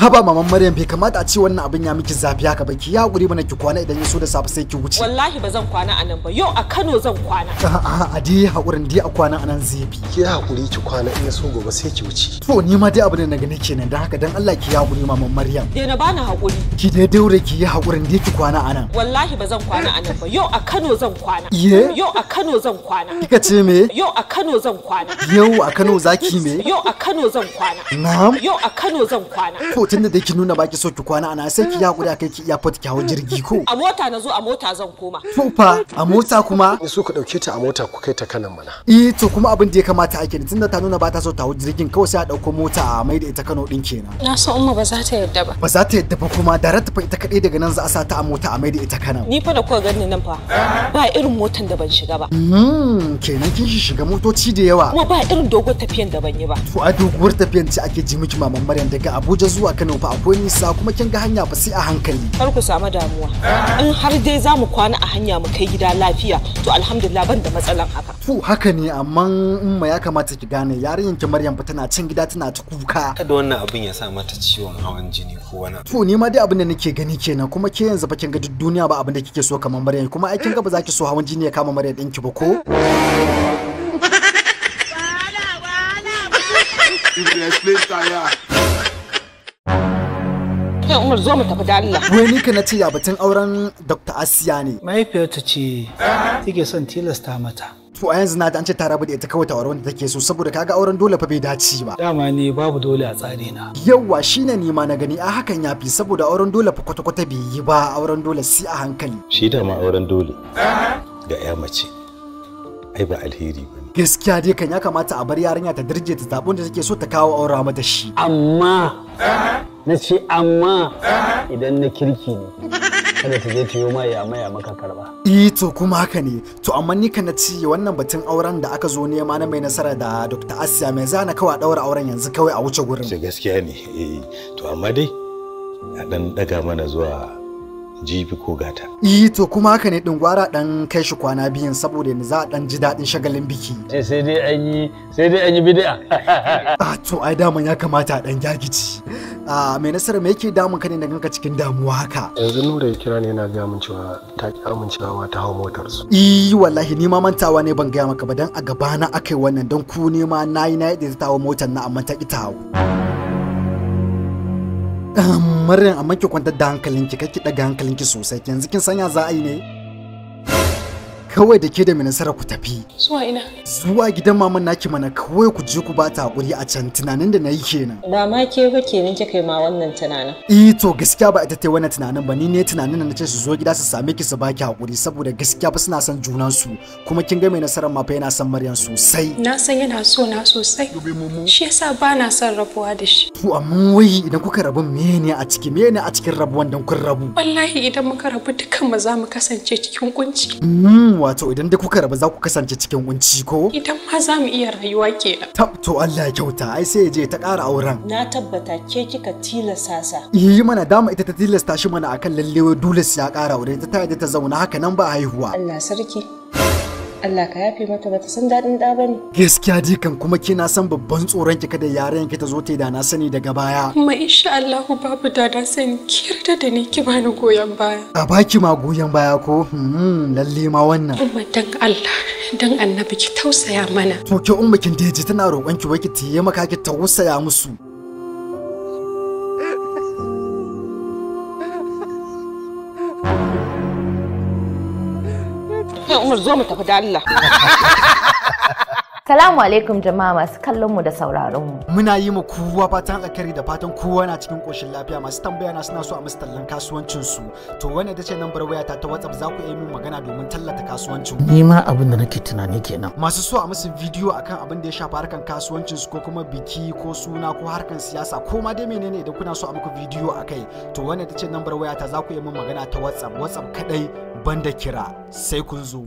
haba maman maryam bai kamata a ce wannan abin ya miki zafi haka ba ki ya hakuri mana ki kwana idan ya so da safe sai ki wuce wallahi ba zan kwana a nan ba yau a kano zan kwana a'a a di hakurin di a kwana a nan zai bi ki hakuri ki kwana in ya so gobe sai ki wuce to ni ma dai abin da na gani kenan dan haka dan Allah ki ya hakuri maman maryam dai na bani hakuri ki dai daure ki yi hakurin di ki kwana a nan wallahi ba zan kwana a nan ba yau a kano zan kwana yau a kano zan kwana kika ce me yau a kano zan kwana yau a kano zaki me yau a kano zan kwana na'am yau a kano zan kwana tunda da ki nuna baki so ki kwana ana sai ki ya guda kai ki airport ki hawo jirgi ko a mota na zo a mota zan koma to fa a mota kuma ni so ku dauke ta a mota ku kai ta kanan mana eh to kuma abin da ya kamata ake ni tunda ta nuna ba ta so ta hawo jirgin kawai sai a dauko mota a mai da ita Kano din kenan na san umma ba za ta yadda ba ba za ta yadda ba kuma direct fa ita kaɗai daga nan za a sa ta a mota a mai da ita Kano ni fa da kuka gani nan fa ba irin motan da ban shiga ba hmm, kenan kin shiga motoci da yawa kuma ba irin dogon tafiyan da ban yi ba to a doguwar tafiyan ce ake ji miki maman Maryam daga Abuja zuwa Kano ba akwai nisa kuma kin ga hanya ba sai a hankali. Kar ku samu damuwa. In har dai za mu kwana a hanya mu kai gida lafiya to alhamdulillah ban da matsalan haka. To haka ne amma in ma ya kamata ki gane yarinyar ki Maryam fa tana cin gida tana ta kuka. Kada wannan abin ya sa mata ciwon hawan jini ko wani. To ni ma dai abin da nake gani kenan kuma ke yanzu ba kin ga duk duniya ba abin da kike so kamar Maryam kuma ai kin ga ba za ki so hawan jini ya kama Maryam ɗinki ba ko? kai Umar zo mu tafi da Allah. Wai ni ka nace ya batun auren Dr. Asiya ne. Mahaifiyarta ce take son tilasta mata. To a yanzu na ta an ce ta da ita kawai ta auren da take so saboda kaga auren dole fa bai dace ba. Dama ne babu dole a tsare na. Yawwa shine ne ma na gani a hakan ya fi saboda auren dole fa kwata-kwata bai yi ba auren dole sai a hankali. Shi dama auren dole ga 'ya mace. Ai ba alheri ba. gaskiya dai kan ya kamata a bar yarinya ta dirje ta zaɓin da take so ta kawo aura mata shi. Amma na ce amma eh? idan na kirki ne kada ta je tiyo ma ya maya maka karba. Eh to kuma haka ne. To amma ni kana ci wannan batun auren da aka zo nema na mai nasara da Dr. Asiya mai zana kawa daura auren yanzu kawai a wuce gurin. gaskiya ne. Eh to amma dai a dan daga mana zuwa jibi ko gata. Eh to kuma haka ne din gwara dan kai shi kwana biyun saboda ni za a dan ji daɗin shagalin biki. Eh, sai dai an yi sai dai an yi bid'a. Ah to ai daman ya kamata a dan gyagici. a mai nasara me yake damun ka ne da ganka cikin damuwa haka yanzu nura ya kira ne yana gaya min cewa ta ki amincewa ta hau motar su eh wallahi ni ma mantawa ne ban gaya maka ba dan a gaba na akai wannan dan ku ne ma nayi na da ta hau motar na amma ta ki ta hau Maryam amma ki kwantar da hankalinki kake daga hankalinki sosai yanzu kin sanya za a yi ne kawai da ke da mai ku tafi zuwa ina zuwa gidan maman naki mana kawai ku je ku bata hakuri a can tunanin da na yi kenan ba ma ke ba kenan kika yi ma wannan tunanin eh to gaskiya ba ita ta wannan tunanin ba ni ne tunanin na ce su zo gida su same ki su baki hakuri saboda gaskiya ba suna son junan su kuma kin ga mai nasarar ma fa yana son Maryam sosai na san yana so na sosai shi yasa ba na son rabuwa da shi to amma wai idan kuka rabu mene a ciki a cikin rabuwan dan kun rabu wallahi idan muka rabu dukan mu za mu kasance cikin kunci hmm, wato idan da kuka raba za ku kasance cikin kunci ko? Idan ma za mu iya rayuwa kenan. Tab to Allah ya kyauta ai sai ya je ta kara auren. Na tabbata ke kika tilasta sa. Yi mana dama ita ta tilasta shi mana akan lallewa dole sai ya kara aure ta ta ta zauna haka nan ba haihuwa. Allah sarki. Allah ka yafe mata bata san daɗin ɗa bane. Gaskiya dai kan kuma kina san babban tsoron ki kada yaren ki ta zo ta da na sani daga baya. Kuma insha Allah babu da na sani ki yarda da ni ki bani goyon baya. A baki ma goyon baya ko? Hmm, lalle ma wannan. Umma dan Allah dan annabi ki tausaya mana. To ki umma kin deji tana roƙon ki wai ki taimaka ki tausaya musu. Kai Umar zo mu tafi da Allah. Salamu alaikum jama'a masu kallon mu da sauraron mu. Muna yi ma kowa fatan alkhairi da fatan kowa na cikin koshin lafiya masu tambaya na suna so a tallan kasuwancin su. To ya da ce nambar wayata ta WhatsApp za ku iya min magana domin tallata kasuwancin ku. Ni ma abin da nake tunani kenan. Masu so a musu bidiyo akan abin da ya shafa harkan kasuwancin su ko kuma biki ko suna ko harkan siyasa ko ma dai menene idan kuna so a muku bidiyo akai. To wannan da ce nambar wayata za ku iya min magana ta WhatsApp WhatsApp kadai banda kira sai kun zo.